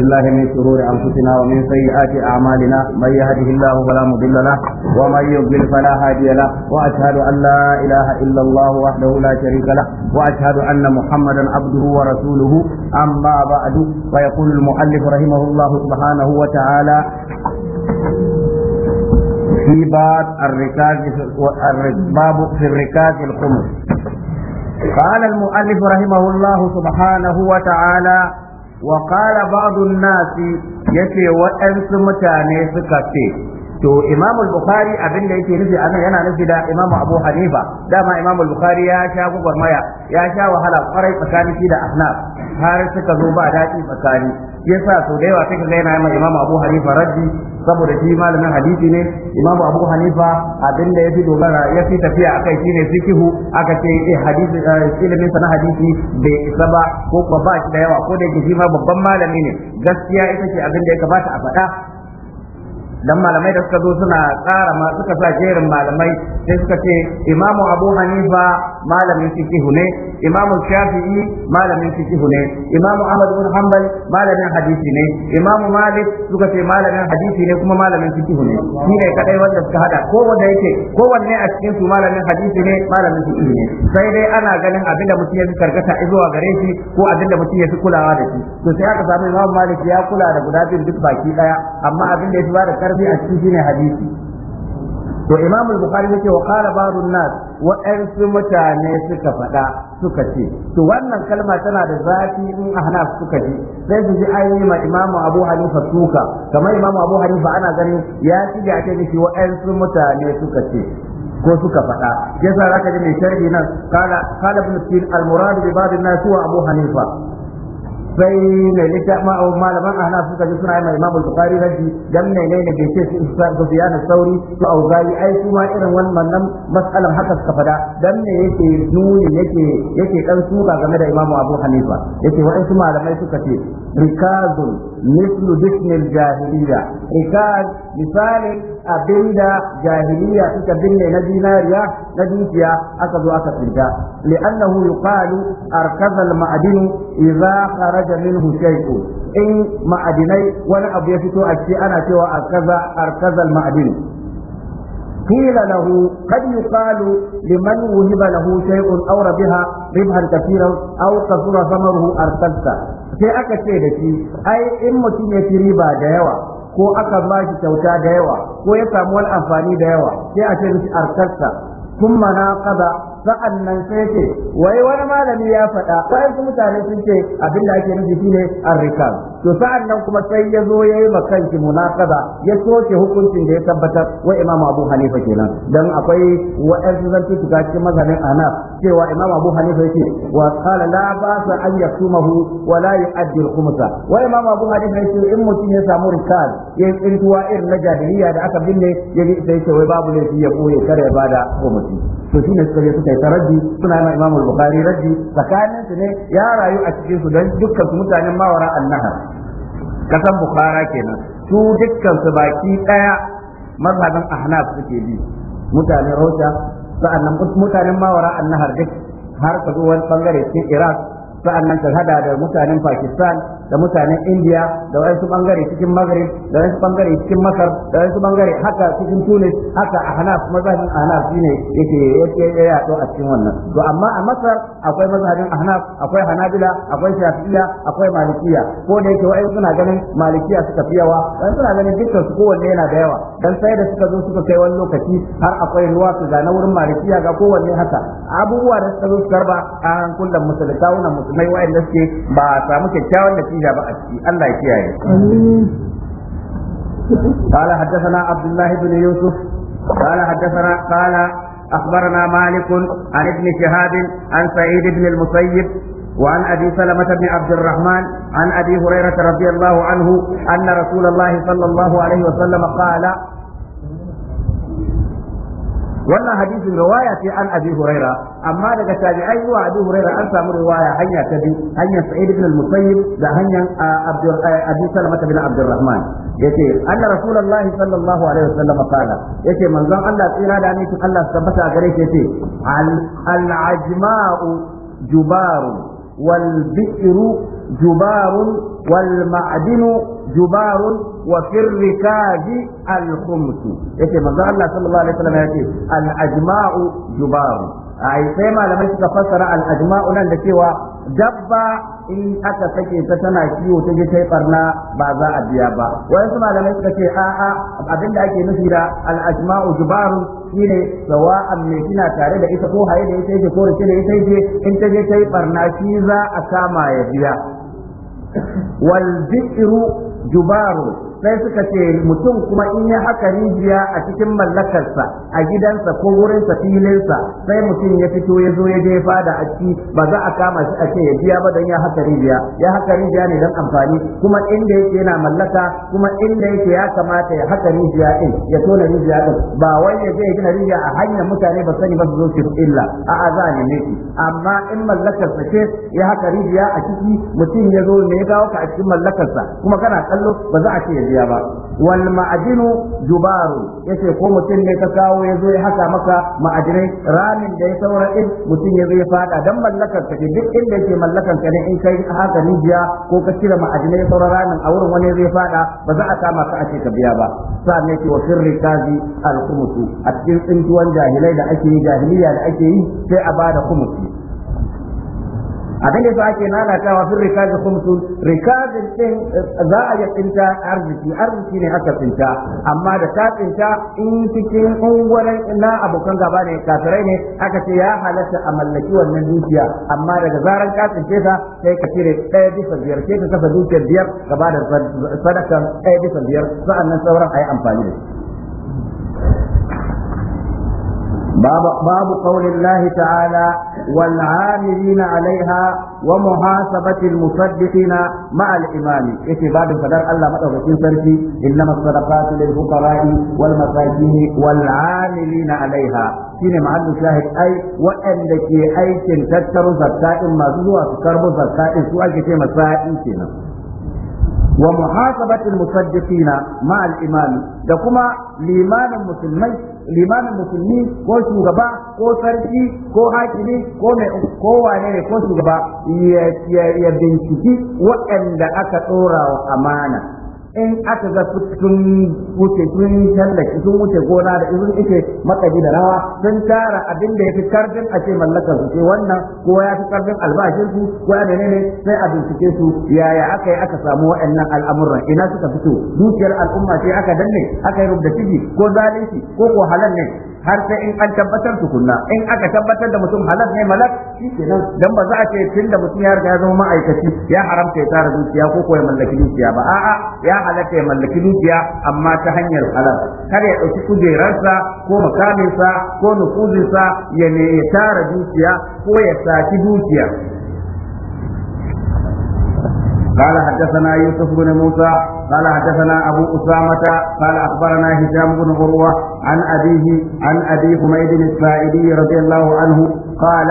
الله من شرور أنفسنا ومن سيئات أعمالنا من يهده الله فلا مضل له ومن يضلل فلا هادي له وأشهد أن لا إله إلا الله وحده لا شريك له وأشهد أن محمدا عبده ورسوله أما بعد فيقول المؤلف رحمه الله سبحانه وتعالى في باب الركاز باب في الركاز الخمس قال المؤلف رحمه الله سبحانه وتعالى wa qala ba'dun nasi yace waɗansu mutane suka ce to imam al-bukhari abin da yake nufi anan yana nufi da imam abu hanifa dama imam al-bukhari ya sha gwagwarmaya ya sha wahala kwarai tsakani shi da ahnaf har suka zo ba daɗi tsakani yasa sau da yawa sai ka ga yana ma imamu abu hanifa raddi saboda shi malamin hadisi ne imam abu hanifa abin da ya fi dogara ya fi tafiya akai shine fikihu aka ce eh hadisi eh, ilimin sana hadisi bai isa ba ko ba shi da yawa ko da yake shi ma babban malami ne gaskiya ita ce abin da ya kamata a faɗa dan malamai da suka zo suna tsara ma suka sa jerin malamai sai suka ce imamu abu hanifa malamin fiqh ne imamu shafi'i malamin fiqh ne imamu ahmad bin hanbal malamin hadisi ne imamu malik suka ce malamin hadisi ne kuma malamin fiqh ne shi ne kadai wanda suka hada ko wanda yake ko wanne a cikin su malamin hadisi ne malamin fiqh ne sai dai ana ganin abin da mutum ya karkata zuwa gare shi ko abinda da mutum ya kulawa da shi to sai aka samu imamu malik ya kula da guda biyu duk baki daya amma abinda da ya fi ba da karfi a shine hadisi to imam al-bukhari yake wa qala ba'dun nas wa mutane suka faɗa suka ce wannan kalma tana da zafi in ahnaf suka ji sai su ji ayi ma imam abu hanifa suka kamar imam abu hanifa ana ganin ya ci da ake nishi wa mutane suka ce ko suka faɗa yasa zaka ji mai sharhi nan qala qala ibn al-murad bi ba'd wa abu hanifa sai mai lita malaman ahnaf suka ji suna yi mai imamul bukhari raddi dan menene bai ce su isa sufyan sauri to auzayi ai kuma irin wannan nan mas'alan haka suka fada dan me yake nuni yake yake dan suka game da imamu abu hanifa yake waɗansu malamai suka ce rikazun mislu disnil jahiliya rikaz misali abinda jahiliya suka binne na dinariya na dukiya aka zo aka tsinta li'annahu yuqalu arkaza al-ma'din idza kharaja kharaja minhu in ma'adinai wani abu ya fito a ciki ana cewa arkaza arkazal ma'adin قيل له قد يقال لمن وهب له شيء أو ربها ربحا كثيرا أو كثر ثمره أرسلت sai aka ce da shi ai in mutum ya ci riba da yawa ko aka ba shi kyauta da yawa ko ya samu wani amfani da yawa sai a ce mishi arkarta kun mana kaza sa'an nan sai ce wai wani malami ya faɗa wai mutane sun ce abin da ake nufi ne, arrikab to sa'an nan kuma sai ya zo ya yi makanki munaqaba ya soke hukuncin da ya tabbatar wa imam abu hanifa kenan dan akwai wa'azu zanti tuka cikin mazhabin ana cewa imam abu hanifa yake wa qala la ba'sa an yaktumahu wa la yu'addi al-khumsa wa imam abu hanifa yake in mutum ya samu rikal ya tsintuwa irin na jahiliya da aka binne ya yi sai ce wai babu laifi ya koye kare ya bada komai. to shine suka yi suka yi suna ma imam al-bukhari raddi tsakanin su ne ya rayu a cikin su dan dukkan mutanen mawara annaha. kasan bukhara kenan su dukkan su baki daya mazhabin ahnaf suke bi mutanen roja sa'annan mutanen mawara annahar duk har kazo wani bangare cikin iraq sa'annan ka hada da mutanen pakistan da mutanen Indiya, da wasu bangare cikin Maghrib da wasu bangare cikin Masar da wasu bangare haka cikin Tunis haka Ahnaf mazhabin Ahnaf shine yake yake ya to a cikin wannan to amma a Masar akwai mazhabin Ahnaf akwai Hanabila akwai Shafi'iyya akwai Malikiya ko da yake wa'in suna ganin Malikiya suka fi yawa dan suna ganin dukkan su kowanne yana da yawa dan sai da suka zo suka kai wani lokaci har akwai ruwa su ga na wurin Malikiya ga kowanne haka abubuwa da suka zo su karba a hankulan musulmai kawunan musulmai wa'anda suke ba a samu kyakkyawan da nasiha ba a ciki Allah ya kiyaye قال حدثنا عبد الله بن يوسف قال حدثنا قال اخبرنا مالك عن ابن شهاب عن سعيد بن المسيب وعن ابي سلمه بن عبد الرحمن عن ابي هريره رضي الله عنه ان رسول الله صلى الله عليه وسلم قال wannan hadisin riwaya ce an abi huraira amma daga tabi'ai zuwa abi huraira an samu riwaya hanya ta biyu hanyar sa'id ibn al-musayyib da hanyar abi salama bin abdurrahman yace anna rasulullahi sallallahu alaihi wasallam qala yace manzon Allah tsira da amincin Allah tabbata gare shi yace al-ajma'u jubaru wal bi'ru jubarun wal ma'dinu جبار وفي الركاب الخمس يتي مزا الله صلى الله عليه وسلم يتي الأجماع جبار أي سيما لما تفسر الأجماع لن تكيوا دبا in aka sake ta tana kiwo ta je sai barna ba za a biya ba wayansu malamai suka ce a'a abinda ake nufi da al-ajma'u jubarun shine sawa'an mai kina tare da ita ko haye da ita ce ko rike da ita ce in ta je ta barna shi za a kama ya biya wal bi'ru Jubaru sai suka ce mutum kuma in ya haka rijiya a cikin mallakarsa a gidansa ko wurin filinsa sai mutum ya fito ya zo ya je fada a ciki ba za a kama shi a ce ya biya ba dan ya haka rijiya ya haka rijiya ne dan amfani kuma inda yake yana mallaka kuma inda yake ya kamata ya haka rijiya din ya tona rijiya din ba wai ya je ya gina rijiya a hanyar mutane ba sani ba su zo su illa a a za ne amma in mallakarsa ce ya haka rijiya a ciki mutum ya zo ne ya kawo ka a cikin mallakarsa kuma kana kallo ba za a ce ya gaskiya ba wal ma'adinu jubaru yace ko mutum ne ka kawo ya zo ya haka maka ma'adinai ramin da ya saura in mutum ya zo ya fada dan mallakar ka duk inda yake mallakar ka ne in kai haka rijiya ko ka cire ma'adinai ya saura ramin a wurin wani zai fada ba za a kama ka a ce ka biya ba sannan yake wa firri kazi al a cikin tsintuwan jahilai da ake yi jahiliya da ake yi sai a bada kumutu abin da yasa ake lalatawa sun rikazi khumsun rikazin din eh, za a yi tsinta arziki arziki ne aka tsinta amma da ta tsinta in cikin ungwaran na abokan gaba ne kafirai ne aka ce ya halatta a mallaki wannan dukiya amma daga zaran ka tsince ta sai ka cire ɗaya bisa biyar sai ka kasa dukiyar biyar gaba da sadakan ɗaya bisa biyar sa'annan sauran a yi amfani da shi باب, باب قول الله تعالى والعاملين عليها ومحاسبة المصدقين مع الإمام اتباع صدر الله مدعوكين سركي إنما الصدقات للفقراء والمساكين والعاملين عليها shine ma'adu shahid ai waɗanda ke aikin tattaro zakka masu zuwa su karbo zakka su ake ce masa'i kenan wa muhasabati almusaddiqina ma da kuma limanin musulmai limamin musulmi ko shugaba ko sarki ko hakimi ko mai ko wane ne ko shugaba ya binciki waɗanda aka ɗora wa amana in aka ga sun wuce sun tallaki sun wuce gona da izin ike makaji da rawa sun tara abin da ya fi karfin a ce mallakar su wannan ko ya fi karfin albashin su ko ya menene sai a bincike su yaya aka yi aka samu waɗannan al'amuran ina suka fito dukiyar al'umma ce aka danne aka yi rubda ciki ko zalunci ko ko halal ne har sai in an tabbatar tukunna in aka tabbatar da mutum halar ne malak shi kenan dan ba za a ce tun da mutum ya riga ya zama ma'aikaci ya haramta ya tara dukiya ko ko ya mallaki dukiya ba a'a ya halatta ya mallaki dukiya amma ta hanyar halal kada ya ɗauki kujerarsa ko makaminsa ko nufuzinsa ya ne ya tara dukiya ko ya saki dukiya قال حدثنا يوسف بن موسى قال حدثنا أبو أسامة قال أخبرنا هشام بن عروة عن أبيه عن أبي حميد الساعدي رضي الله عنه قال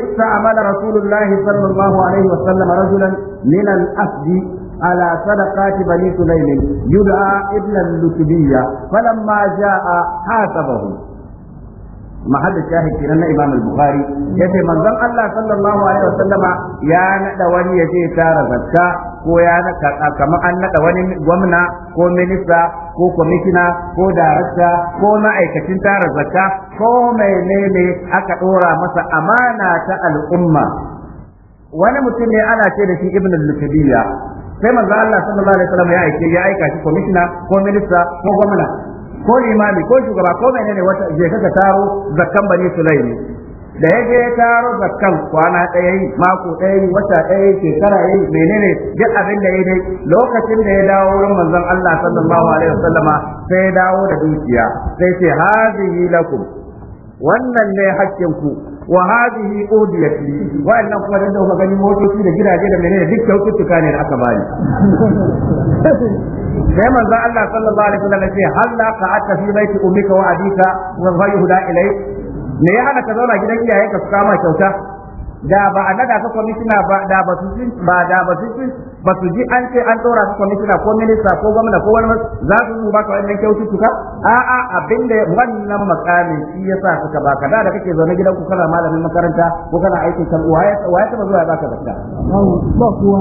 استعمل رسول الله صلى الله عليه وسلم رجلا من الأسد على صدقات بني سليم يدعى ابن اللتبية فلما جاء حاسبه ما حد الشاهد في أن إمام البخاري يتي منظم الله صلى الله عليه وسلم يا ندواني يجي تار زكاة ويا كما أن ندواني ومنا ومنسا ko kwamishina ko darakta ko ma'aikacin tara zakka ko mai ne aka ɗora masa amana ta al'umma wani mutum ne ana ce da shi ibn al sai manzo Allah sallallahu alaihi wasallam ya aike ya aika shi komishina ko minista ko gwamna ko limami ko shugaba ko menene wata je kaka taro zakkan bani sulaimi da ya je taro zakkan kwana ɗaya yi mako ɗaya yi wata ɗaya yi shekara yi menene duk abin da ya dai lokacin da ya dawo wurin manzon Allah sallallahu alaihi wasallama sai ya dawo da dukiya sai ce hazihi lakum wannan ne hakkin ku wa hadhihi udiyat li wa kuma da kuka gani motoci da gidaje da menene duk kyaututtuka ne da aka bani sai manzo Allah sallallahu alaihi wasallam ce halla qa'atta fi baiti ummika wa abika wa ghayruha ilai? me ya hana ka zauna gidan iyayenka su kama kyauta da ba a naga ka kwamishina ba da ba su ba da ba su ba su ji an ce an tsora ka kwamishina ko minista ko gwamna ko wani za su zuba ka wannan kyaututtuka a'a abinda wannan makamin shi sa suka ka da da kake zaune gidan ku kana malamin makaranta ko kana aikin kan waye ya ta zuwa baka zakka ba kuwa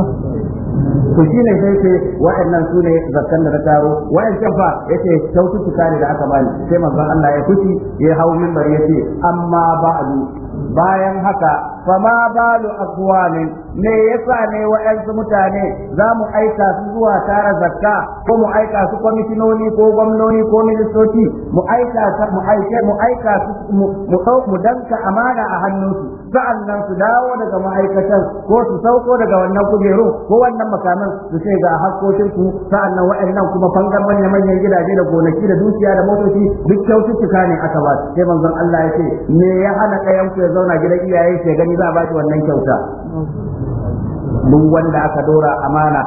to shine sai ce waɗannan su ne zakkan da ta taro waɗancan fa yace kyaututtuka ne da aka bani sai manzon Allah ya kuci ya hau ya yace amma ba'adu bayan haka fama balu ne, me yasa ne wa'ansu mutane za mu aika su zuwa tara zakka ko mu aika su kwamishinoni ko gwamnoni ko ministoci mu aika mu mu aika su mu danka amana a hannunsu sa'an nan su dawo daga ma'aikatan ko su sauko daga wannan kujeru ko wannan makaman su ce ga hakkokin ku sa'an nan wa'annan kuma fangar manyan manyan gidaje da gonaki da dukiya da motoci duk kyaututtuka ne aka ba sai manzon Allah ya ce me ya hana ɗayan ku ya zauna gidan iyayen ya gani za a ba shi wannan kyauta duk wanda aka dora amana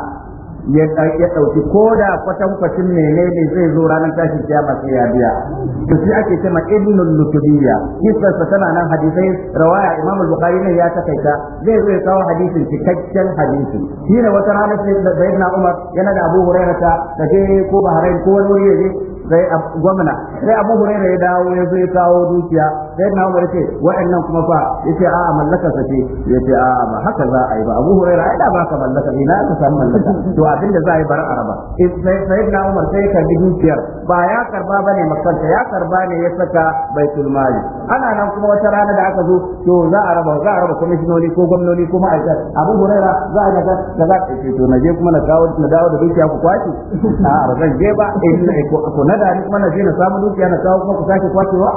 ya ɗauki ko da kwatankwacin menene zai zo ranar tashin kiyama sai ya biya to shi ake ce ma ibnul lutubiyya kisarsa tana nan hadisai rawaya imamul bukhari ne ya takaita zai zo ya kawo hadisin cikakken hadisi shi ne wata ranar sai da sayyidina umar yana da abu hurairata da je ko bahrain ko wani wuri sai gwamna sai abu huraira ya dawo ya zo ya kawo dukiya sai na umar ce wa'annan kuma fa yace a a mallakar sa yace a a haka za a yi ba abu huraira ai da ba ka mallaka ina ka samu mallaka to abin da za a yi bar araba sai sai na umar sai ka bi dukiyar ba ya karba bane makanta ya karba ne ya saka baitul mali ana nan kuma wata rana da aka zo to za a raba za a raba kwamishinoni ko gwamnoni ko ma'aikata abu huraira za a ga da za ka ce to na je kuma na kawo na dawo da dukiya ku kwaci a ba zan je ba in ko na hada ni kuma na je na samu dukiya na kawo kuma ku sake kwacewa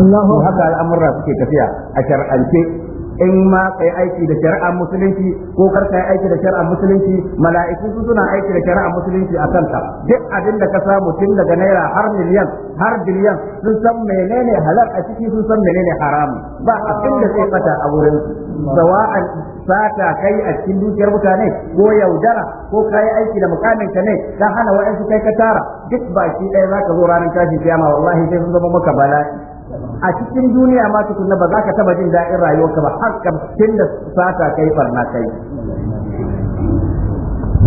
Allahu haka al'amura suke tafiya a shar'ance in ma kai aiki da shari'ar musulunci ko kar kai aiki da shari'ar musulunci mala'iku su suna aiki da shari'ar musulunci a kanka duk abin da ka samu tun daga naira har miliyan har biliyan sun san menene halal a ciki sun san menene haramu ba abin da zai fata a wurin sawa'an sata kai a cikin dukiyar mutane ko yaudara ko kai aiki da mukamin ka ne ka hana wa'ansu kai ka tara duk baki ɗaya zaka zo ranar tashi kiyama wallahi sai sun zama maka bala'i a cikin duniya ma tukunna ba za ka taba jin daɗin rayuwarka ba har kamfin da sata kai farna kai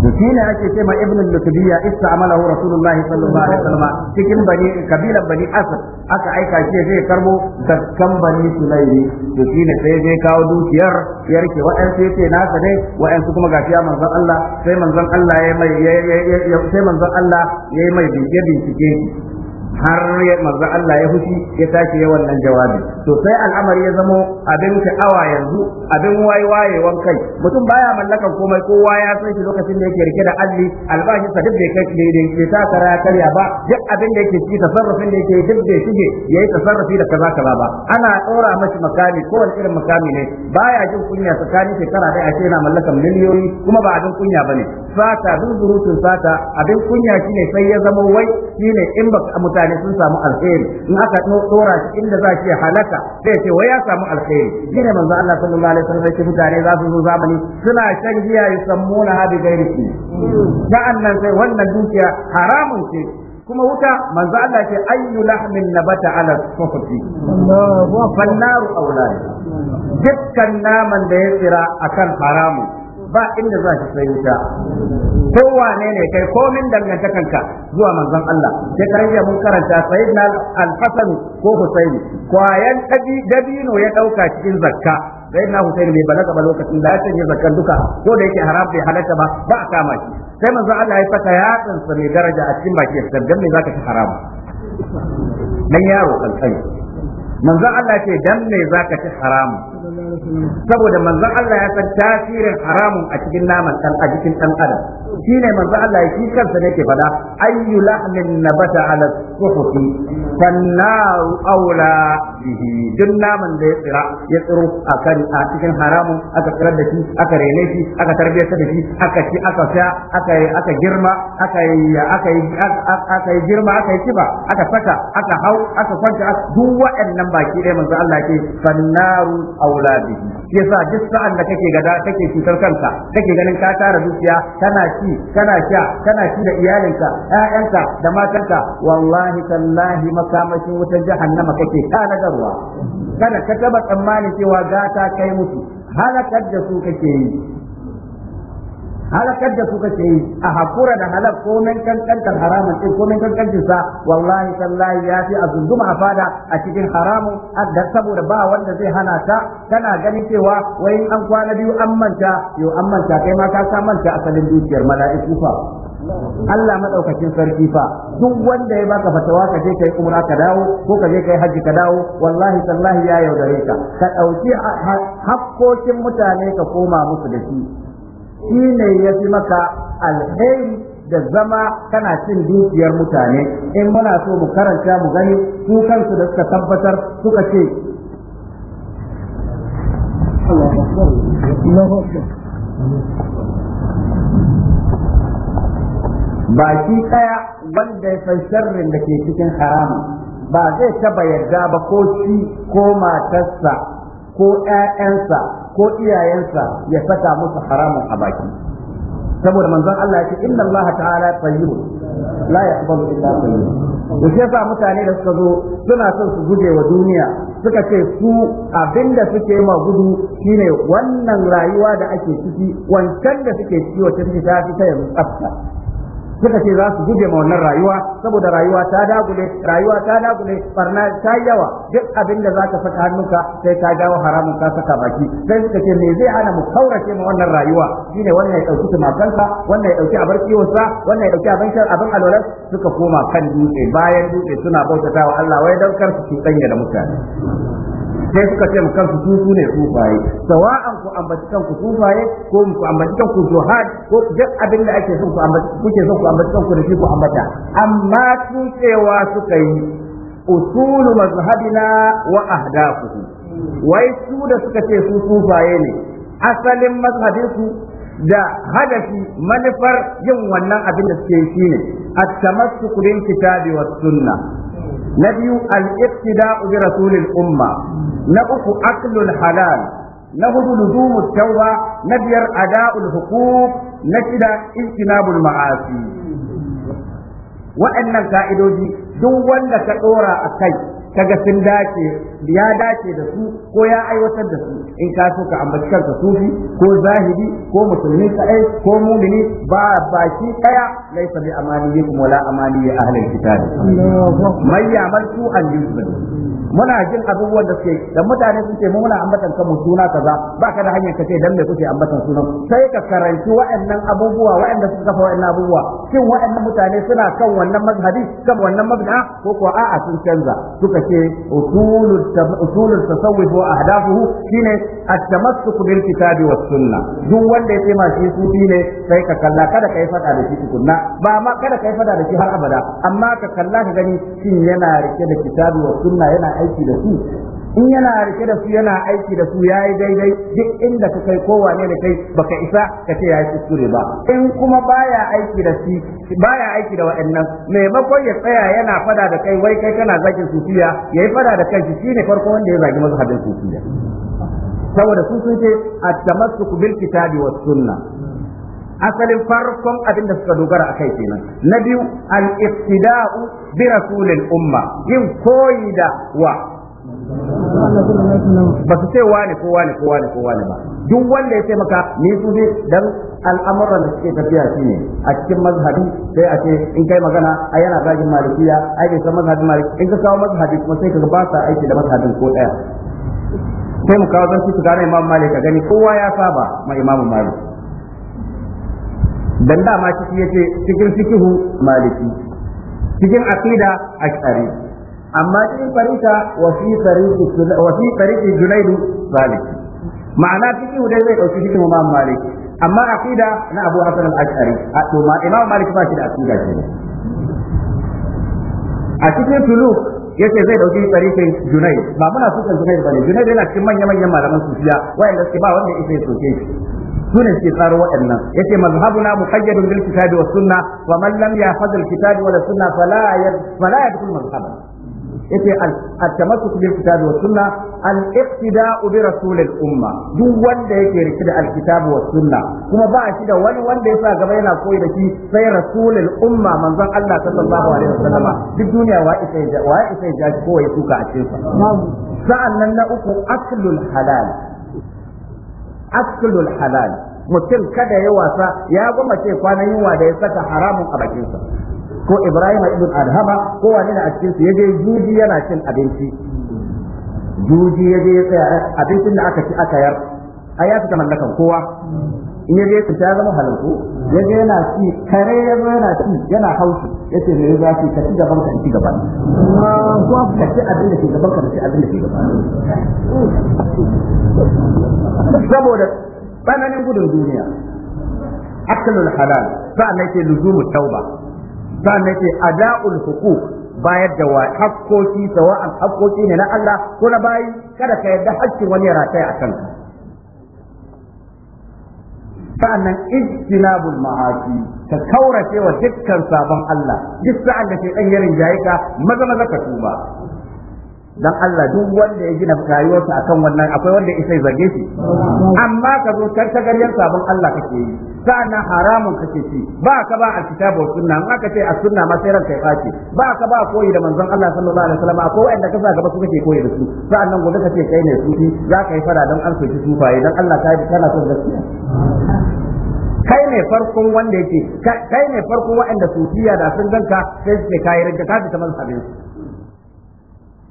dukina ake ce ma lutubiya isa amala hu rasulullahi sallallahu alaihi wasallam cikin bani kabilan bani asad aka aika shi zai karbo zakkan bani sulaimi to sai zai kawo dukiyar yarke rike wa'ansu ce nasa ne su kuma gashi manzon Allah sai manzon Allah ya mai sai manzon Allah ya mai bincike bincike har manzo Allah ya hushi ya tashi ya wannan jawabi to sai al'amari ya zamo abin sha'awa yanzu abin waye kai mutum baya mallakan komai kowa ya san shi lokacin da yake rike da alli albashi sa duk bai kai bai ta kara karya ba duk abin da yake ci tasarrufin da yake duk bai shige yayi tasarrufi da kaza kaza ba ana tsora mashi makami ko wani irin makami ne baya jin kunya tsakanin shekara da ake yana mallakan miliyoyi kuma ba abin kunya bane sata duk surutun sata abin kunya shine sai ya zama wai shine in ba mutane mutane sun samu alheri in aka tsora shi inda za shi halaka sai ce wai ya samu alheri shine manzo Allah sallallahu alaihi wasallam sai mutane za su zo zamani suna shan giya yusammuna habi gairi sa'annan sai wannan dukiya haramun ce kuma wuta manzo Allah ce ayyu lahmin nabata ala sufufi Allahu akbar fannaru aulad dukkan naman da ya tsira akan haramun ba inda za ki sai wuta ko wane ne kai komin dangantakanka zuwa manzon Allah sai kan ya mun karanta sayyidina al-Hasan ko Husaini kwayan dabino ya dauka cikin zakka sai na Hussein bai balaga ba lokacin da ya canje zakkan duka ko da yake haram bai halatta ba ba a kama shi sai manzon Allah ya saka yatsin sa mai daraja a cikin baki sa dan me zaka ci haram dan yaro kankani manzon Allah ce dan me zaka ci haram saboda manzon Allah ya san tasirin haramun a cikin naman dan a cikin dan adam shine manzon Allah ya shi kansa ne ke fada ayyu lahmin nabata ala suhufi fannaru aula bihi duk naman da ya tsira ya tsiro akan a cikin haramun aka tsirar da shi aka rene shi aka tarbiyyar da shi aka ci aka sha aka aka girma aka yi aka yi aka yi girma aka yi kiba aka saka aka hau aka kwanta duk waɗannan baki ɗaya manzo Allah ke fannaru aula aula bihi yasa duk sa'an da kake gada kake cutar kanka kake ganin ka tara dukiya kana ci kana sha kana ci da iyalinka ƴaƴanka da matanka wallahi tallahi makamashin wutar jahannama kake garwa kada ka taba tsammanin cewa gata kai mutu halakar da su kake yi halakar da su ce a hakura da halak komai kankantar haramun din komai kankantar sa wallahi sallahi ya fi a zunduma a fada a cikin haramun adda saboda ba wanda zai hana ta tana ganin cewa wai an kwana biyu an manta yau an manta kai ma ka sa manta asalin dukiyar mala'iku fa Allah madaukakin sarki fa duk wanda ya baka fatawa ka je kai umra ka dawo ko ka je kai haji ka dawo wallahi sallahi ya yaudare ka ka dauki hakkokin mutane ka koma musu da shi ne shi ya fi maka alheri da zama kana cin dukiyar mutane in muna so mu karanta mu gani su kansu da suka tabbatar suka ce baki ɗaya wanda ya san sharrin da ke cikin haramun ba zai taba yarda ba ko shi ko matarsa ko 'ya'yansa ko iyayensa ya saka musu haramun a baki saboda manzon Allah ya ce inna Allah ta'ala tayyibun la yaqbalu illa tayyibun to shi fa mutane da suka zo suna son su guje wa duniya suka ce su abinda suke ma gudu shine wannan rayuwa da ake ciki wancan da suke ciki wacce take ta fi ta tsafta suka ce za su guje ma wannan rayuwa saboda rayuwa ta dagule rayuwa ta dagule barna ta yawa duk abin da zaka saka hannunka sai ka dawo haramun ka saka baki sai suka ce me zai hana mu kaurace ma wannan rayuwa shine wannan ya dauki tumakansa wannan ya dauki abar kiwonsa wannan ya dauki abin shar abin alwalas suka koma kan dutse bayan dutse suna bautatawa Allah wai daukar su tsanya da mutane sai suka ce kan su su ne sufaye sawa'an ku ambaci kanku sufaye ko ku ambaci kanku zuhad ko duk abin da ake son ku ambaci kuke son ku ambaci kanku da shi ku ambata amma tucewa suka yi usulu mazhabina wa ahdafuhu wai su da suka ce su sufaye ne asalin mazhabinsu da hadafi manufar yin wannan abin da suke yi shine at-tamassuku bil kitabi was sunnah na biyu al-iqtida'u bi rasulil umma na uku aklul halal na hudu luzumu tauba na biyar ada'ul huquq na shida ijtinabul ma'asi wa'annan ka'idoji duk wanda ka dora a kai kaga sun dace ya dace da su ko ya aiwatar da su in ka so ka ambaci kanka sufi ko zahiri ko musulmi kai ko mumini ba baki daya laysa bi amaniyikum wala ya ahli alkitab mai yamal su an yusbal muna jin abubuwan da suke da mutane suke mu muna ambatan kanmu suna kaza ba ka da hanyar ka ce dan me kuke ambatan sunan sai ka karanci wa'annan abubuwa wa'anda suka kafa wa'annan abubuwa shin wa'annan mutane suna kan wannan mazhabi kan wannan mabda ko ko a'a sun canza suka ce usulul tasawuf wa ahdafuhu shine at-tamassuk bil kitabi was sunna duk wanda ya ce ma shi sufi ne sai ka kalla kada kai fada da shi tukunna ba ma kada kai fada da shi har abada amma ka kalla ka gani shin yana rike da kitabi was sunna yana aiki da su in yana rike da su yana aiki da su yayi daidai duk inda ka kai ne da kai baka isa ka ce yayi kuskure ba in kuma baya aiki da su baya aiki da waɗannan maimakon ya tsaya yana fada da kai wai kai kana zagin sufiya yi fada da kai ne farko wanda ya zagi mazhabin sufiya saboda su sun ce at-tamassuk bil kitabi was sunnah asalin farkon abin da suka dogara akai kenan na biyu al-iftida'u bi rasulil umma yin koyi da wa ba su ce wani ko wani ko wani ko wani ba duk wanda ya ce maka ni su ne dan al'amuran da suke tafiya ne a cikin mazhabi sai a ce in kai magana a yana zagin malikiya ai bai san mazhabin maliki in ka kawo mazhabi kuma sai ka ba sa aiki da mazhabin ko daya sai mu kawo zanci su gane imam malik ka gani kowa ya saba ma imam malik dan dama ciki yace cikin fikihu maliki cikin aqida ash'ari amma cikin farita wa fi tariqi junaid malik ma'ana cikin dai zai dauki cikin imam malik amma aqida na abu hasan al-ash'ari to ma imam malik ba shi da aqida ce a cikin tulu yace zai dauki tariqin junaid ba muna sukan junaid bane junaid yana cikin manyan manyan malaman sufiya wanda suke ba wanda yake soke shi sune suke tsaro waɗannan yace mazhabuna muqayyadun bil kitabi was sunnah wa man lam yahfaz al kitabi wa sunnah fala yad fala yadkhul mazhabana yace at-tamassuk bil kitabi was sunna al-iqtida'u bi rasul al-umma duk wanda yake rike da al-kitabi was sunna kuma ba shi da wani wanda ya sa gaba yana koyi da shi sai rasul al-umma manzon Allah sallallahu alaihi wasallama duk duniya wa isa ya wa isa ya ji koyi suka a cikin sa'annan na uku aklul halal aklul halal mutum kada ya wasa ya goma ce kwanan yunwa da ya saka haramun a bakinsa ko Ibrahim ibn Adhama ko wani ne a cikin su yaje juji yana cin abinci juji yaje ya tsaya abincin da aka ci aka yar ai ya fita mallakan kowa in yaje su ta zama halalku yaje yana ci kare yana ci yana haushi yace me ya ci ka ci gaban ka ci gaban ko ka ci abin da ke gaban ka ci abin da ke gaban saboda tsananin gudun duniya akalul halal sa'an nan ke luzumu tauba sannan ce ada'ul huquq bayar da hakkoki sawa'an hakkoki ne na Allah ko na bayi kada ka yarda hakkin wani ya rataya a kanka sa'annan ijtinabul ma'asi ka kaurace wa dukkan sabon Allah duk sa'an da ke ɗan yarin jayi ka maza maza ka tuba dan Allah duk wanda ya gina rayuwarsa akan wannan akwai wanda isai zarge shi amma ka zo tar tagaryen sabon Allah kake yi sa'annan haramun kake ci ba ka ba a kitabu sunna in aka ce a sunna ma sai ranka ya bace ba ka ba koyi da manzon Allah sallallahu alaihi wasallam ko wanda ka sa gaba su kake koyi da su sa'annan gobe kace kai ne sufi za ka yi fara dan an soki sufaye dan Allah ka yi kana son gaskiya kai ne farkon wanda yake kai ne farkon waɗanda sufiya da sun ganka sai su ce rinka ka ta mazhabin su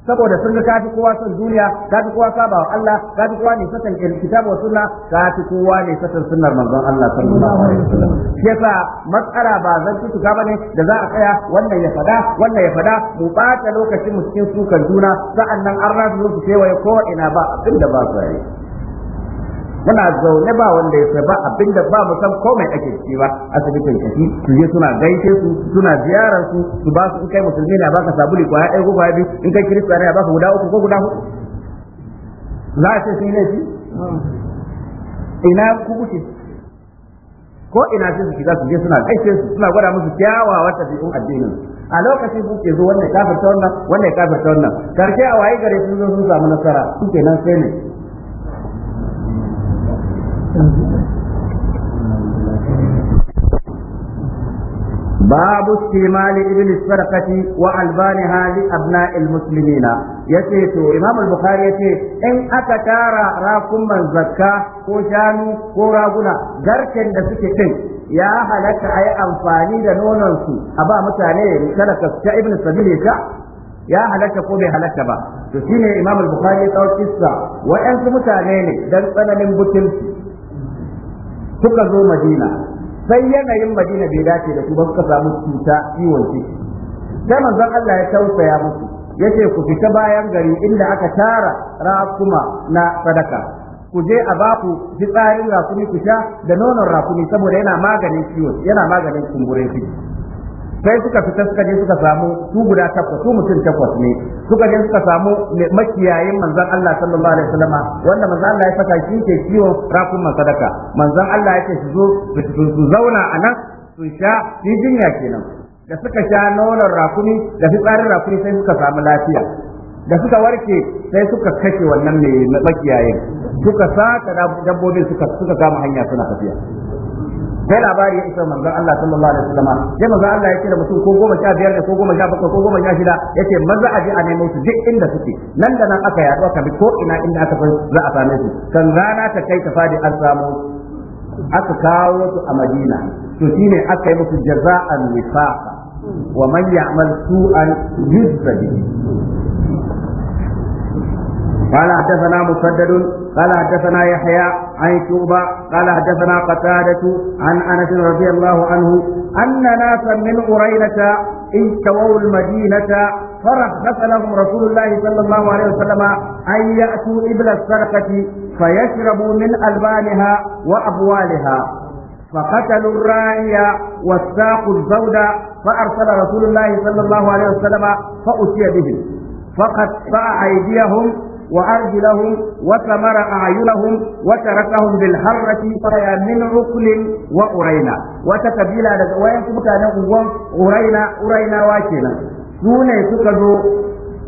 saboda sun ga kafi kowa son duniya kafi kowa saba wa Allah kafi kowa ne satan kitabu wa sunna kafi kowa ne satan sunnar manzon Allah sallallahu alaihi wasallam yasa matsala ba zan ci tuka bane da za a kaya wannan ya fada wannan ya fada mu bata lokacin mu cikin sukan juna sa'annan an rasu su kewaye kowa ina ba abin da ba su muna zaune ba wanda ya ba abinda ba mu san komai ake ciki ba asibitin kashi su je suna gaishe su suna ziyarar su su ba su in kai musulmi na baka sabuli kwaya ɗaya ko kwaya biyu in kai kirista ne baka guda uku ko guda huɗu za a ce sun yi laifi ina ku kuke ko ina sai su shiga su je suna gaishe su suna gwada musu kyawawa tabi'un addinin a lokacin su ke zo wannan kafirta wannan wannan kafirta wannan karshe a waye gare sun zo sun samu nasara su kenan sai ne iblis باب استعمال ابن السرقة وألبانها لأبناء المسلمين يتيتو إمام البخاري يتي إن ko راكم ko زكاة وشانو da suke دسكتين ya halatta a yi amfani da nononsu a ba mutane kada ka ta ibn sabili ka ya halatta ko bai halatta ba to shine imam al-bukhari ya kawo kissa mutane ne don tsananin butulci suka zo madina sai yanayin madina bai dace da su ba suka samu cuta ciwon ciki sai manzon Allah ya tausaya musu yace ku fita bayan gari inda aka tara rakuma na sadaka ku je a baku fitsarin rakumi ku sha da nonon rakumi saboda yana maganin ciwon yana maganin kumburin ciki sai suka fita suka je suka samu su guda takwas su mutum takwas ne suka je suka samu makiyayin manzon Allah sallallahu alaihi wasallama wanda manzon Allah ya saka shi ke kiwon man sadaka manzon Allah ya ce su zo su zauna a nan su sha shi jinya kenan da suka sha nonon rakuni da fitsarin rakuni sai suka samu lafiya da suka warke sai suka kashe wannan mai makiyayin suka saka dabbobin suka suka kama hanya suna tafiya sai labari ya isa manzon Allah sallallahu alaihi wasallam sai manzon Allah ya ce da mutum ko goma sha biyar ne ko goma sha bakwai ko goma sha shida yace maza a je a nemo su duk inda suke nan da nan aka yaɗu aka bi ko ina inda aka san za a same su san rana ta kai ta fadi an samu aka kawo su a Madina to shine aka yi musu jaza'an wifaqa wa man ya'mal su'an yujza قال حدثنا مسدد قال حدثنا يحيى عن شعبة قال حدثنا قتادة عن أنس رضي الله عنه أن ناسا من أرينة استووا المدينة فرخص لهم رسول الله صلى الله عليه وسلم أن يأتوا إبل السرقة فيشربوا من ألبانها وأبوالها فقتلوا الراعي والساق الزود فأرسل رسول الله صلى الله عليه وسلم فأتي بهم فقد أيديهم وأرجلهم وثمر أعينهم وتركهم بالهرة فيا من عقل وأرينا وتكبيلا وين كنت أرينا أرينا واكنا سوني سكدو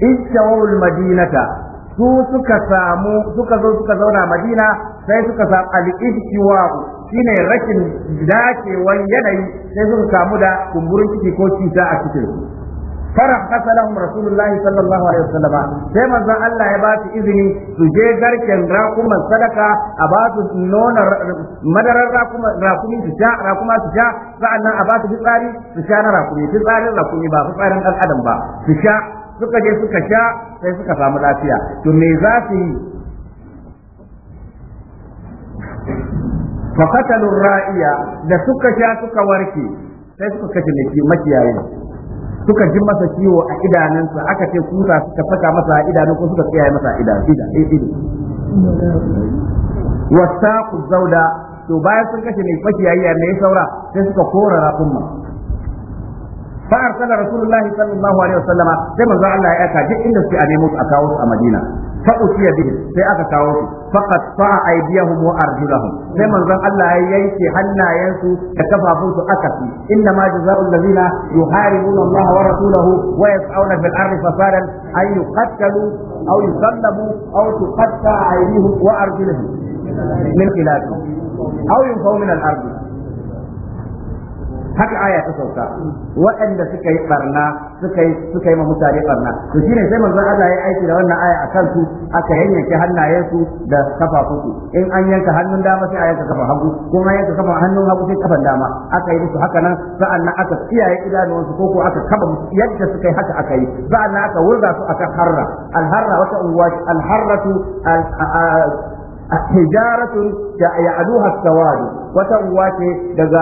إشعوا المدينة su suka samu suka zo suka zauna madina sai suka samu al-ibtiwa shine rashin dacewan yanayi sai suka samu da kumburin ciki ko cuta a cikin فرحص لهم رسول الله صلى الله عليه وسلم كما ذا الله يبات إذني سجي غركن راكم الصدقة أبات نون مدر راكم راكم سجاء راكم سجاء فأنا أبات فطاري سجاء راكم su راكم با Adam ba با sha suka je suka sha sai suka samu lafiya to me za su yi fa ra'iya da suka sha suka warke sai suka kashe makiyayi suka ji masa ciwo a idanunsa aka ce kusa suka saka masa a idanu ko suka tsaya masa a idan wasta ku zauda to bayan sun kashe mai fakiyayi ne ya saura sai suka kora rafin fa arsala rasulullahi sallallahu alaihi wasallam sai manzo Allah ya aika duk inda suke a nemo su a kawo su a Madina fa utiya sai aka kawo su fa qatta aydiyahum wa arjulahum sai manzo Allah ya yanke hannayensu da kafafun aka fi inna ma jazaa'ul ladina yuharibuna Allah wa rasulahu wa yas'una fil ardi fasadan an min haka aya ta sauka waɗanda suka yi barna suka yi suka yi mutane barna to shine sai manzo Allah ya aiki da wannan aya akan su aka hannaye hannayensu da kafafu su in an yanka hannun dama sai a yanka kafan hagu kuma yanka kafan hannun hagu sai kafan dama aka yi musu haka nan sa'annan aka kiyaye idanuwansu ko koko aka kaba musu yadda suka yi haka aka yi sa'annan aka wurga su akan harra alharra wata unguwa alharratu hijaratun ya'aluha sawadu wata uwa ce daga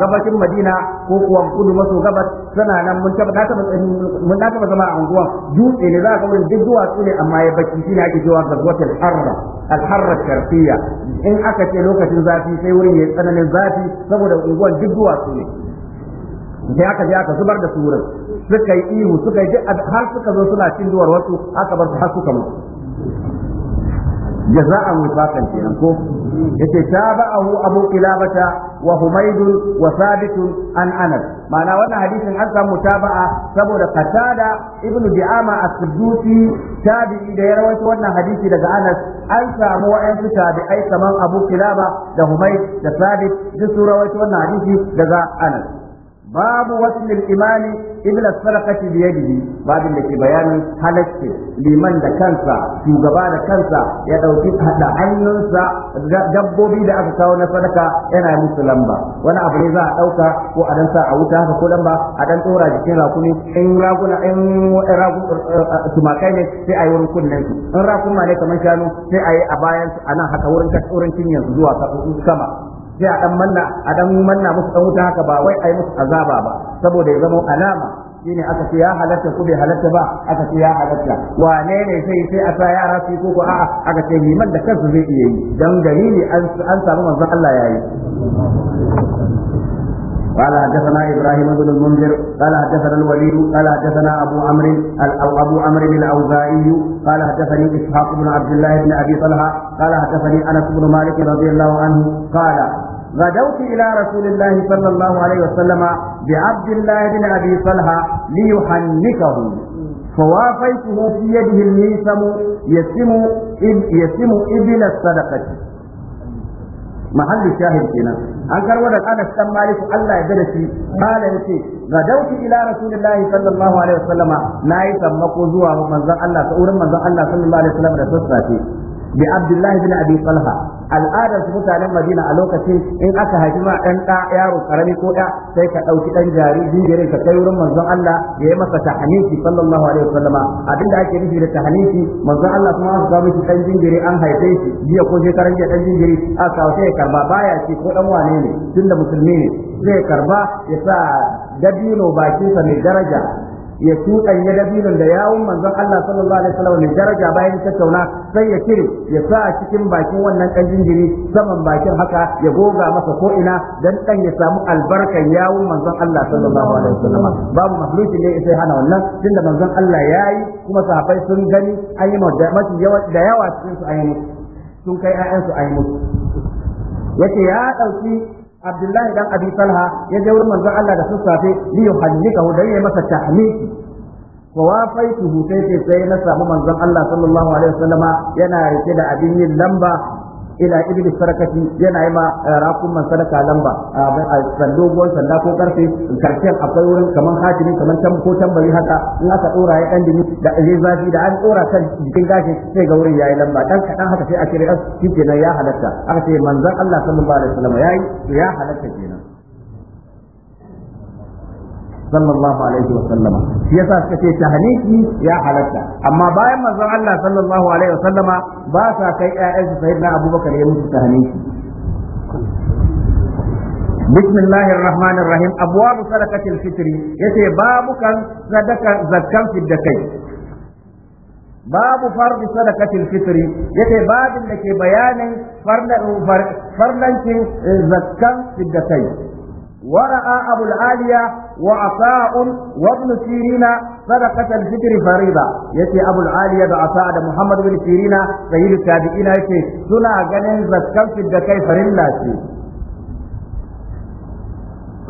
gabashin Madina ko kuwa kudu maso gabas suna nan mun taba taba mun taba zama a unguwa dutse ne za ka wurin duk su ne amma ya baki ne, ake cewa gazwatul harra al harra in aka ce lokacin zafi sai wurin ya tsananin zafi saboda unguwan duk su ne sai aka je aka zubar da su wurin suka yi ihu suka yi har suka zo suna cin duwar wasu aka bar su har suka mutu jaza'an wifaqan kenan ko yace tabahu abu kilabata wa humayd wa sabit an anas ma'ana wannan hadisin an samu mutaba'a saboda da ibnu bi'ama as-sidduqi tabi'i da ya rawaito wannan hadisi daga anas an samu wa'ansu tabi'ai kamar abu kilaba da humayd da sabit duk su rawaito wannan hadisi daga anas باب وصل الإمام إبل السرقة بيده باب اللي في بيان حلقة لمن دا كنسا شوغبا دا كنسا يدوكي حتى عينسا جبو بيدا دا أفكاو أنا مسلم با وانا أبريزا أوكا وأدنسا أوكا فكولم با أدن تورا جكين راكوني إن راكونا إن راكو سماكيني في أي ورنكون ننسو إن راكونا لك من كانو في أي أبايان أنا حتى ورنكت ورنكين يزوا سما sai a dan manna a dan manna musu dan wuta haka ba wai ai musu azaba ba saboda ya zama alama shine aka ce ya halatta ko bai halatta ba aka ce ya halatta wane ne sai sai a sa yara su koko a'a aka ce liman da kansu zai iya yi dan dalili an samu manzon Allah yayi قال حدثنا ابراهيم بن المنذر قال حدثنا الوليد قال حدثنا ابو عمرو او ابو عمرو الاوزاعي قال حدثني اسحاق بن عبد الله بن ابي طلحه قال حدثني انس بن مالك رضي الله عنه قال غدوت إلى رسول الله صلى الله عليه وسلم بعبد الله بن أبي طلحة ليحنكه فوافيته في يده الميسم يسم يسم إبل الصدقة mahallu shahid kenan an karwa da Anas dan Malik Allah ya gada shi kala yace gadauti ila rasulillahi sallallahu alaihi wasallama nayi sammako zuwa manzon Allah ta wurin manzon Allah sallallahu alaihi da sassafe bi abdullahi bin abi al'adarsu al'adar su mutanen madina a lokacin in aka haifi ma ɗan yaro karami ko da sai ka ɗauki ɗan jari jinjirin ka kai wurin manzon Allah ya yi masa tahnisi sallallahu alaihi wasallama abinda ake nufi da tahnisi manzon Allah kuma aka ga miki ɗan jinjiri an haife shi jiya ko shekaran jiya ɗan jinjiri a kawo sai karba baya ci ko ɗan wane ne tunda musulmi ne zai karba ya sa dabino bakinsa mai daraja ya tutsan ya dabinon da yawun manzon Allah sallallahu alaihi wasallam mai daraja bayan tattauna sai ya kire ya sa a cikin bakin wannan dan jinjiri saman bakin haka ya goga masa ko ina dan dan ya samu albarkan yawun manzon Allah sallallahu alaihi wasallam babu mahluki ne sai hana wannan tunda manzon Allah yayi kuma sahabbai sun gani an yi da yawa cikin su sun kai 'ya'yansu an yi musu ya ɗauki abdullahi dan abi talha ya je wurin manzon Allah da sassafe li yuhallika dan dai masa tahliki wa wafaituhu sai sai sai na samu manzon Allah sallallahu alaihi wasallama yana rike da abin yin lamba ila ibli sarakati yana yi ma eh, rafin man sadaka lamba a sandogon sanda ko karfe karshen akwai wurin kamar hatimi kaman tam ko tambari haka in aka dora ya dan da zai zafi da an dora kan jikin gashi sai ga wurin yayi lamba dan kadan haka sai a shirya shi kenan ya halatta aka ce manzon Allah sallallahu alaihi wasallam yayi ya halatta kenan sallallahu alaihi wa sallama shi yasa suka ce tahniki ya halatta amma bayan manzon Allah sallallahu alaihi wa sallama ba sa kai ƴaƴan su sayyidina Abubakar ya musu tahniki بسم الله الرحمن الرحيم أبواب صدقة الفطر يتي باب كان صدقة زكاة في الدكي باب فرض صدقة الفطر يتي باب لكي بيان فرد فرد زكاة في الدكي ورأى أبو العالية وعطاء وابن سيرين صدقة الفطر فريضة يتي أبو العالية بعطاء محمد بن سيرين سيد التابعين يتي سنة غنين زكام في الدكاي فريلاتي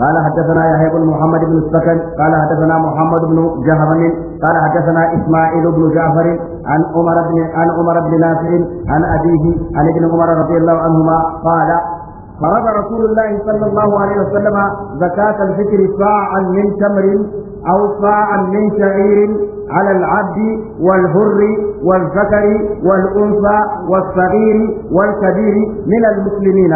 قال حدثنا يحيى بن محمد بن السكن قال حدثنا محمد بن جهرم قال حدثنا اسماعيل بن جعفر عن عمر بن عن عمر بن نافع عن ابيه عن ابن عمر رضي الله عنهما قال فرض رسول الله صلى الله عليه وسلم زكاة الفكر صاعا من تمر أو صاعا من شعير على العبد والهر والذكر والأنثى والصغير والكبير من المسلمين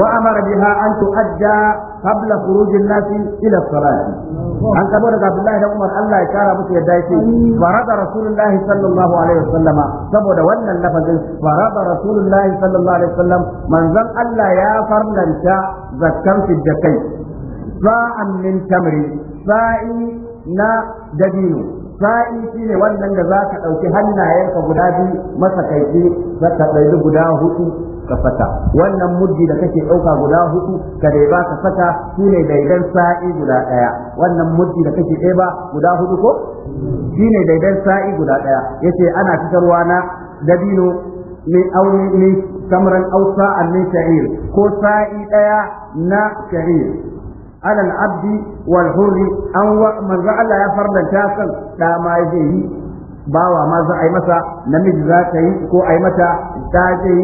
وأمر بها أن تؤدى qabla khurujin nasi ila salati an kabo daga Abdullahi dan Umar Allah ya kara musu yadda yake farada Rasulullahi sallallahu alaihi wasallama saboda wannan lafazin farada Rasulullahi sallallahu alaihi wasallam manzon Allah ya farnanta zaton fi da kai sa'an min tamri sa'i na dabino sa'i shi ne wannan da za ka ɗauki hannayenka guda biyu masa za ka ɗauki guda hudu ka saka wannan muddi da kake ɗauka guda hudu ka dai ba ka saka ne daidan sa'i guda ɗaya wannan muddi da kake ba guda hudu ko Shi ne daidan sa'i guda ɗaya yace ana fitarwa na dabino min auni min samran aw sa'an min sha'ir ko sa'i ɗaya na sha'ir على العبد والحر أن من زعل يا فرد تاسل لا ما يجيه باوا ما زعي مسا نمج ذاته كو أي متى تاجه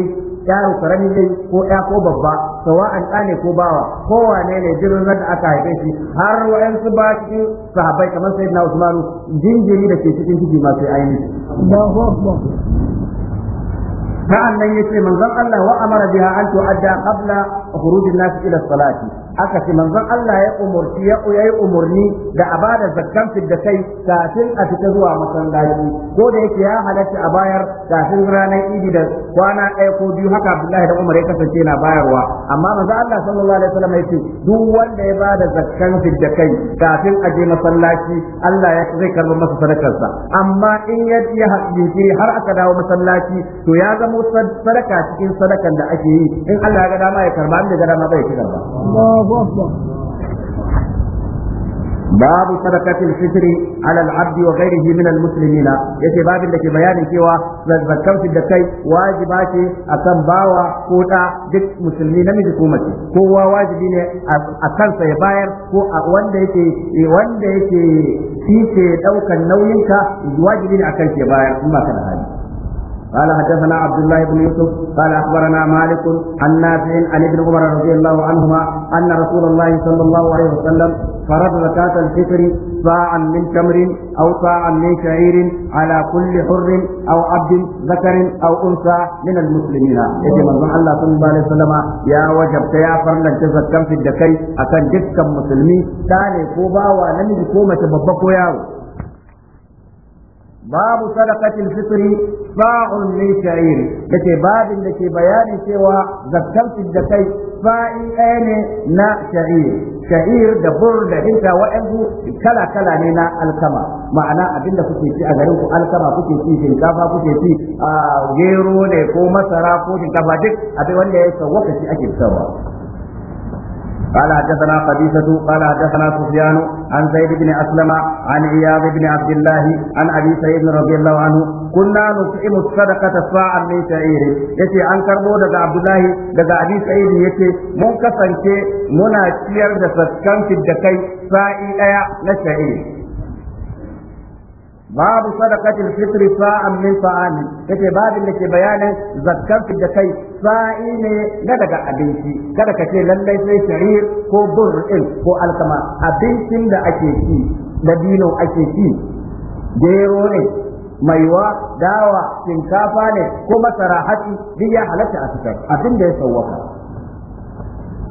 yaro karami ne ko ya ko babba sawa an ne ko bawa kowane ne jirin da aka haife shi har wa'ansu ba cikin sahabbai kamar na Usmanu jinjiri da ke cikin ciki ma sai ayi sa'an nan ce manzon Allah wa amara biha an tu'adda qabla khurujin nas ila salati aka ce manzon Allah ya umurci ya yayi umurni da a bada zakkan da kafin a fita zuwa masallaci ko yake ya halatta a bayar kafin ranar idi da kwana ɗaya ko biyu haka Abdullahi da Umar ya kasance na bayarwa amma manzon Allah sallallahu alaihi wasallam ya ce duk wanda ya ba da zakkan da kafin a je masallaci Allah ya zai karba masa sadakarsa amma in ya ya jinkiri har aka dawo masallaci to ya zama sadaka cikin sadakan da ake yi in Allah ya ga dama ya karba wanda ga dama bai shigar ba باب صدقة الفطر على العبد وغيره من المسلمين يتي باب لك بيان كيوا زكاة الدكاي واجبات أكن باوا كوتا دك مسلمين من حكومتي كوا واجبين أكن سيباير كو وند يتي وند يتي في دوكا نوينكا واجبين أكن سيباير ما كان هذا قال حدثنا عبد الله بن يوسف قال اخبرنا مالك عن نافع عن ابن عمر رضي الله عنهما ان رسول الله صلى الله عليه وسلم فرض زكاة الفطر صاعا من تمر او صاعا من شعير على كل حر او عبد ذكر او انثى من المسلمين. يجي من الله صلى الله عليه وسلم يا وجب يا فرلا تزكى في الدكر اكن دكا مسلمين ثاني كوبا ونمي كومة بابا كوياو. babu sadaqatil fitri sa'un min sha'ir dake babin da ke bayani cewa zakkar da kai sa'i ɗaya ne na sha'ir sha'ir da bur da hinta wa'ansu kala kala ne na alkama ma'ana abinda kuke ci a garin ku alkama kuke ci shinkafa kuke ci gero ne ko masara ko shinkafa duk abin wanda ya sawwaka shi ake fitarwa قال حدثنا قبيصة قال حدثنا سفيان عن زيد بن أسلم عن عياض بن عبد الله عن أبي سعيد رضي الله عنه كنا نطعم الصدقة صاعا من شعير يتي عن كربو دقى عبد الله دقى أبي سعيد يتي منكسا منا تير دسكن في الدكي sa'i ɗaya na sha'ir babu sadaqatil fitri sa'an min sa'ani yace babin da ke bayanin zakkar da kai sa'i ne na daga abinci kada ka ce lallai sai sharir ko bur'in ko alkama abincin da ake ci da dino ake ci gero ne maiwa dawa shinkafa ne ko masara hatsi duk ya halatta a cikin abin da ya sauwaka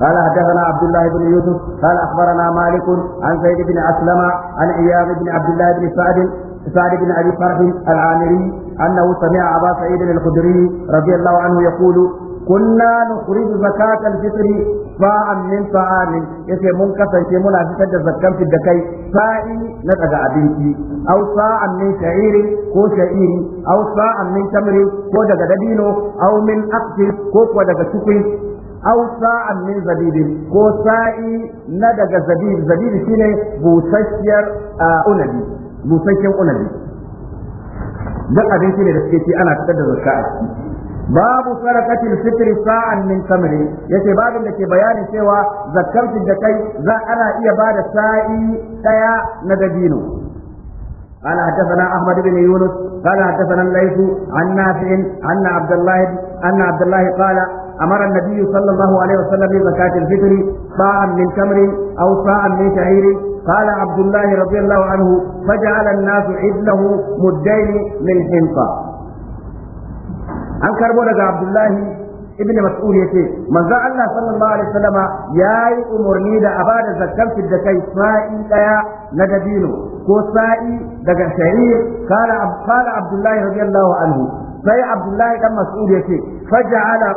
قال حدثنا عبد الله بن يوسف قال اخبرنا مالك عن زيد بن اسلم عن اياب بن عبد الله بن سعد سعد بن ابي فرح العامري انه سمع ابا سعيد الخدري رضي الله عنه يقول كنا نخرج زكاة الفطر صاعا من طعام يسي منكسر في منا فتد زكاة في الدكي ساعي نتجع بنتي أو صاعا من شعير كو شعير أو صاعا من تمر كو دقددينو أو من أقف كو كو دقشكي aw sa'an min zabibin ko sa'i na daga zabib zabib shine busasshiyar unabi busasshen unabi duk abinci ne da suke ci ana fitar da zakka a babu sadaqatil fitr sa'an min tamri yace babin da ke bayani cewa zakkar da kai za ana iya bada sa'i daya na dabino قال حدثنا احمد بن يونس قال حدثنا الليث عن نافع عن عبد الله عن عبد الله قال أمر النبي صلى الله عليه وسلم بزكاة الفطر صاعا من تمر أو صاعا من شعير قال عبد الله رضي الله عنه فجعل الناس حبله مدين من حنطة an karbo daga abdullahi ibn mas'ud yace manzon Allah sallallahu alaihi wasallama yayi umarni da a bada zakkar da kai sa'i daya na dabino ko sa'i daga sha'ir kana abdullahi radiyallahu anhu sai abdullahi dan mas'ud yace faj'ala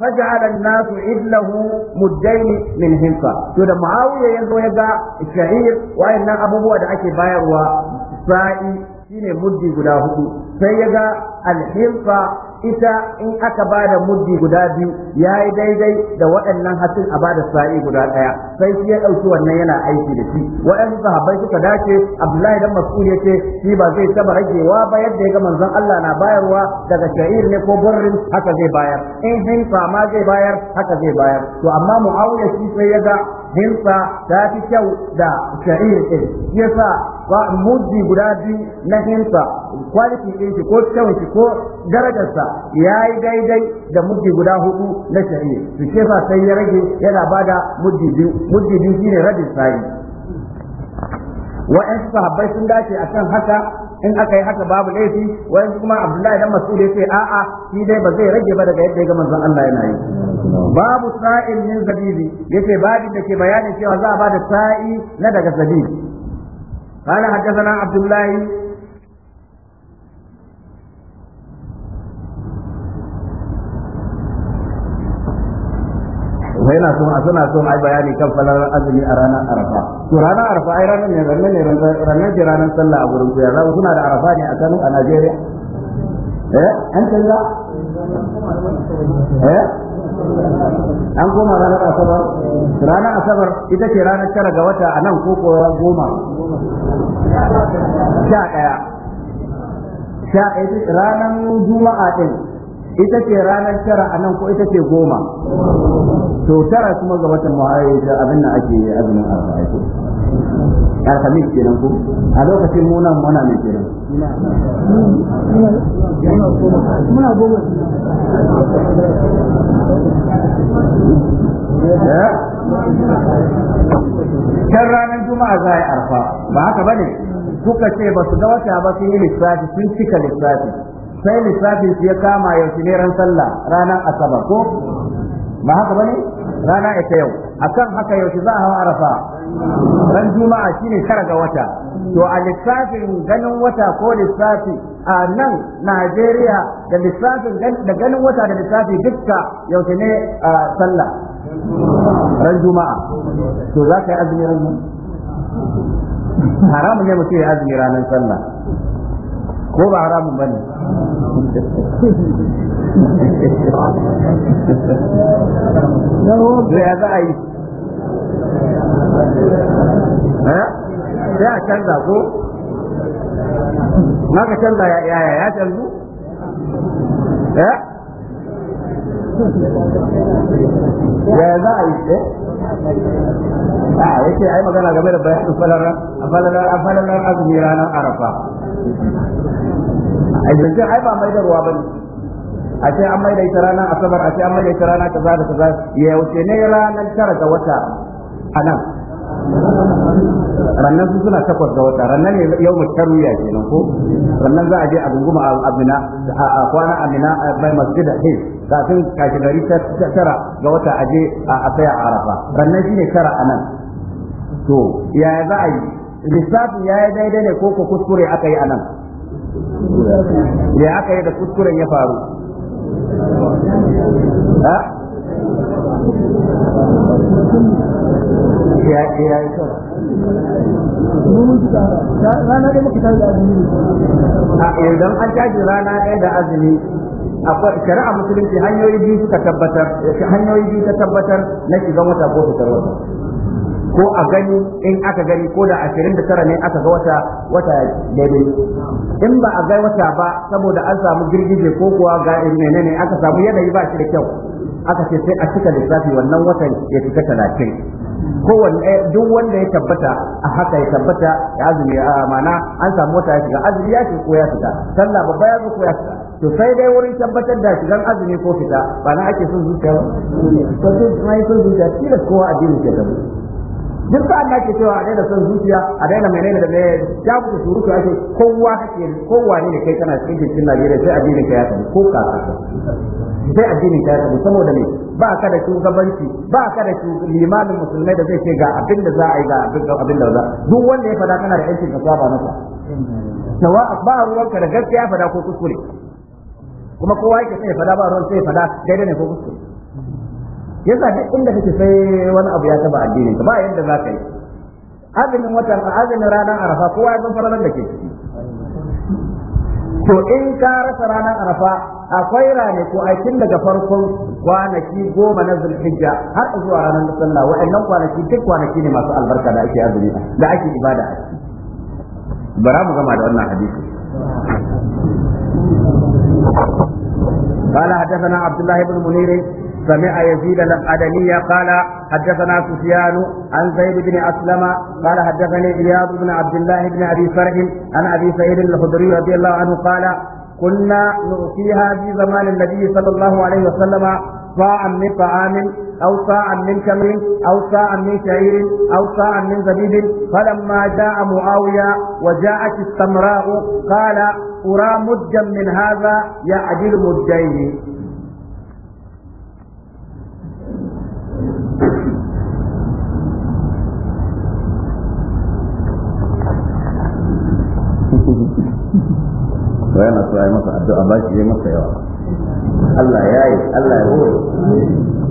فجعل الناس عدله مدين من هنسا to da muawiya yanzu ya ga sha'ir wayannan abubuwa da ake bayarwa sa'i shine muddi guda hudu sai ya ga alhinsa ita in aka ba da muddi guda biyu ya yi daidai da waɗannan hatsin a ba da sa'i guda ɗaya sai shi ya ɗauki wannan yana aiki da shi waɗansu sahabbai suka dace abdullahi dan mas'ud ya ce shi ba zai taɓa ragewa ba yadda ya ga manzon Allah na bayarwa daga sha'ir ne ko burrin haka zai bayar in hinsa ma zai bayar haka zai bayar to amma muawiya shi sai ya ga hinsa ta fi kyau da sha'ir ɗin yasa ba muji guda biyu na hinsa kwaliti ɗin ko kyau shi ko darajarsa ya yi daidai da muji guda hudu na sha'ir ke sa sai ya rage yana ba da muji biyu muji biyu shine rabin sa'i su sahabbai sun dace a kan haka in aka yi haka babu laifi wani kuma abdullahi dan mas'ud yace a'a shi dai ba zai rage ba daga yadda ga manzon Allah yana yi babu Sa'il min zabibi yace babin da ke bayani cewa za a bada sa'i na daga zabibi قال حدثنا عبد الله fa yana so a suna son ai bayani kan falar azumi a ranar arafa to ranar arafa ai ranar ne ranar ne ranar ce ranar sallah a gurin ku yanzu suna da arafa ne a Kano a Najeriya eh an canza eh an koma ranar asabar ranar asabar ita ce ranar tara ga wata a nan ko ko goma sha ɗaya sha ɗaya ranar juma'a din ita ce ranar tara a nan ko ita ce goma to tara kuma ga watan muharram eh, abin da ake azumin arfa'a eh, ko alhamis kenan ku a lokacin munan muna ne kenan muna goma eh? can ranar juma'a za a yi arfa ba haka ba ne Kuka ce ba su ga wata ba sun yi lissafi sun cika lissafi sai lissafin ya kama yaushe ne ran sallah ranar asabar ko ba haka bane rana ita yau akan haka yaushe za a hawa arafa ran juma'a shine tara ga wata to a lissafin ganin wata ko lissafi a nan Najeriya da lissafin da ganin wata da lissafi dukka yaushe ne sallah ran juma'a to za ka yi azumi ran haramun ne mutum ya azumi ranar sallah ko ba haramun bane na wanda ya za a yi sai a canza ko na canza yaya ya canzu ya za a yi ce eh? a ah, yake ai magana game da bayanin falalar falalar azumi ranar arafa a zancen ai ba mai da ruwa bane a ce an mai da ita ranar asabar a ce an mai da ita rana kaza da kaza ya wuce ne ranar tara ga wata a nan rannan su suna takwas ga wata rannan ne yau mu ke nan ko rannan za a je a gunguma a amina a kwana amina a bai masjida he kafin kashi gari tara ga wata a je a asaya a arafa rannan ne tara a nan to yaya za a yi lissafin ya yi daidai ne ko ko kuskure aka yi a nan ya aka yi da kuskuren ya faru ha ya ya yi kyau idan an caji rana ɗaya da azumi akwai shari'a musulunci hanyoyi biyu suka tabbatar hanyoyi biyu ta tabbatar na shiga wata ko fitar wata ko a gani in aka gani ko da ashirin da tara ne aka ga wata wata daidai in ba a ga wata ba saboda an samu girgije ko kuwa ga menene aka samu yanayi ba shi da kyau aka ce sai a cika lissafi wannan watan ya fita talatin kowanne eh, duk wanda ya tabbata a haka ya tabbata ya azumi a mana an samu wata ya shiga azumi ya shiga ko ya fita sallah babba ya zo ko ya fita to sai dai wurin tabbatar da shigan azumi ko fita ba na ake son zuciya ba ko sai mai son zuciya tilas kowa addini ke da duk sa'an da ake cewa a daina son zuciya a daina menene da menene ya kuka surutu ake kowa kake kowa ne kai kana cikin cikin Najeriya sai addinin ka ya tafi ko ka sai addinin ka ya tafi saboda me ba ka da shugabanci ba ka da limamin musulmai da zai ce ga abin da za a yi ga abin da za duk wanda ya fada kana da aikin ka saba masa sawa ba ruwanka da gaskiya fada ko kuskure kuma kowa yake sai fada ba ruwan sai fada daidai ne ko kuskure yasa duk inda kake sai wani abu ya taba addinin ka ba yadda za ka yi azumin watan azumin ranar arafa kowa ya san ranar da ke ciki to in ka rasa ranar arafa akwai ranaku aikin daga farkon kwanaki goma na zulhijja har zuwa ranar sallah wa'annan kwanaki duk kwanaki ne masu albarka da ake azumi da ake ibada a bara mu gama da wannan hadisi قال حدثنا عبد الله بن منير سمع يزيد الأدنية قال حدثنا سفيان عن زيد بن أسلم قال حدثني إياد بن عبد الله بن أبي فرح عن أبي سعيد الخدري رضي الله عنه قال كنا نؤتيها في زمان النبي صلى الله عليه وسلم صاعا من طعام أو صاعا من كم أو صاعا من شعير أو صاعا من زبيب فلما جاء معاوية وجاءت السمراء قال أرى مدا من هذا يعدل مدين to yana so ya masa addu'a ba shi ya masa yawa Allah ya yi Allah ya hore